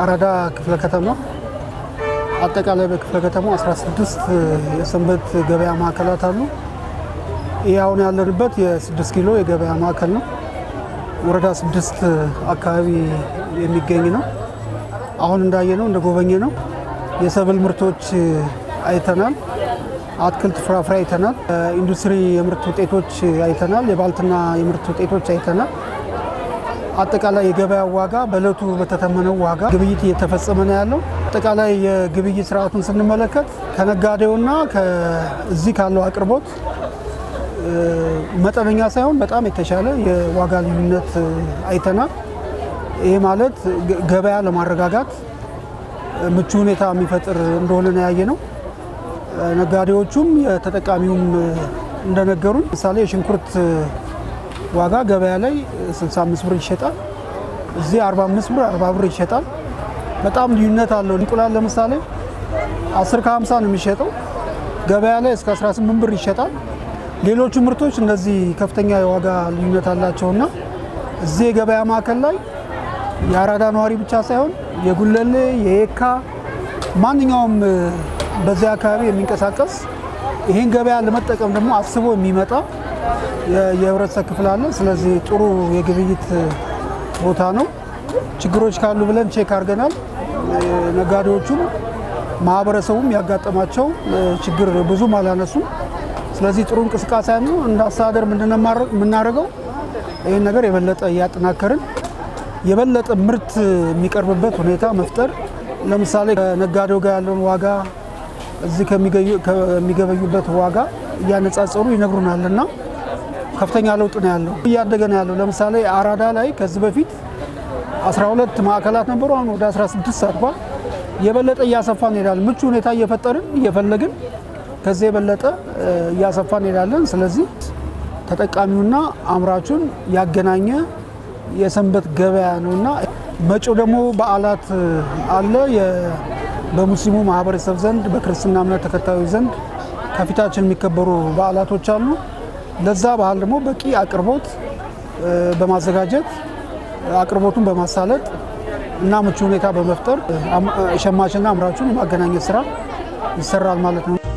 አራዳ ክፍለ ከተማ አጠቃላይ በክፍለ ከተማ 16 የሰንበት ገበያ ማዕከላት አሉ። ይህ አሁን ያለንበት የ6 ኪሎ የገበያ ማዕከል ነው። ወረዳ 6 አካባቢ የሚገኝ ነው። አሁን እንዳየ ነው እንደጎበኘ ነው የሰብል ምርቶች አይተናል። አትክልት ፍራፍሬ አይተናል። ኢንዱስትሪ የምርት ውጤቶች አይተናል። የባልትና የምርት ውጤቶች አይተናል። አጠቃላይ የገበያ ዋጋ በእለቱ በተተመነው ዋጋ ግብይት እየተፈጸመ ነው ያለው። አጠቃላይ የግብይት ስርዓቱን ስንመለከት ከነጋዴውና ከዚህ ካለው አቅርቦት መጠነኛ ሳይሆን በጣም የተሻለ የዋጋ ልዩነት አይተናል። ይህ ማለት ገበያ ለማረጋጋት ምቹ ሁኔታ የሚፈጥር እንደሆነ ነው ያየ ነው። ነጋዴዎቹም የተጠቃሚውም እንደነገሩን ምሳሌ የሽንኩርት ዋጋ ገበያ ላይ 65 ብር ይሸጣል። እዚህ 45 ብር 40 ብር ይሸጣል። በጣም ልዩነት አለው። እንቁላል ለምሳሌ 10 ከ50 ነው የሚሸጠው ገበያ ላይ እስከ 18 ብር ይሸጣል። ሌሎቹ ምርቶች እንደዚህ ከፍተኛ የዋጋ ልዩነት አላቸውና እዚህ የገበያ ማዕከል ላይ የአራዳ ነዋሪ ብቻ ሳይሆን የጉለሌ፣ የየካ ማንኛውም በዚያ አካባቢ የሚንቀሳቀስ ይህን ገበያ ለመጠቀም ደግሞ አስቦ የሚመጣ የህብረተሰብ ክፍል አለ። ስለዚህ ጥሩ የግብይት ቦታ ነው። ችግሮች ካሉ ብለን ቼክ አድርገናል። ነጋዴዎቹም ማህበረሰቡም ያጋጠማቸው ችግር ብዙም አላነሱም። ስለዚህ ጥሩ እንቅስቃሴ ያለው እንደ አስተዳደር የምናደርገው? ይህን ነገር የበለጠ እያጠናከርን የበለጠ ምርት የሚቀርብበት ሁኔታ መፍጠር፣ ለምሳሌ ከነጋዴው ጋር ያለውን ዋጋ እዚህ ከሚገበዩበት ዋጋ እያነጻጸሩ ይነግሩናልና ከፍተኛ ለውጥ ነው ያለው፣ እያደገ ነው ያለው። ለምሳሌ አራዳ ላይ ከዚህ በፊት 12 ማዕከላት ነበሩ፣ አሁን ወደ 16 አድጓል። የበለጠ እያሰፋ እንሄዳለን። ምቹ ሁኔታ እየፈጠርን እየፈለግን ከዚህ የበለጠ እያሰፋ እንሄዳለን። ስለዚህ ተጠቃሚውና አምራቹን ያገናኘ የሰንበት ገበያ ነውና መጪው ደግሞ በዓላት አለ በሙስሊሙ ማህበረሰብ ዘንድ በክርስትና እምነት ተከታዮች ዘንድ ከፊታችን የሚከበሩ በዓላቶች አሉ። ለዛ ባህል ደግሞ በቂ አቅርቦት በማዘጋጀት አቅርቦቱን በማሳለጥ እና ምቹ ሁኔታ በመፍጠር ሸማችና አምራቹን የማገናኘት ስራ ይሰራል ማለት ነው።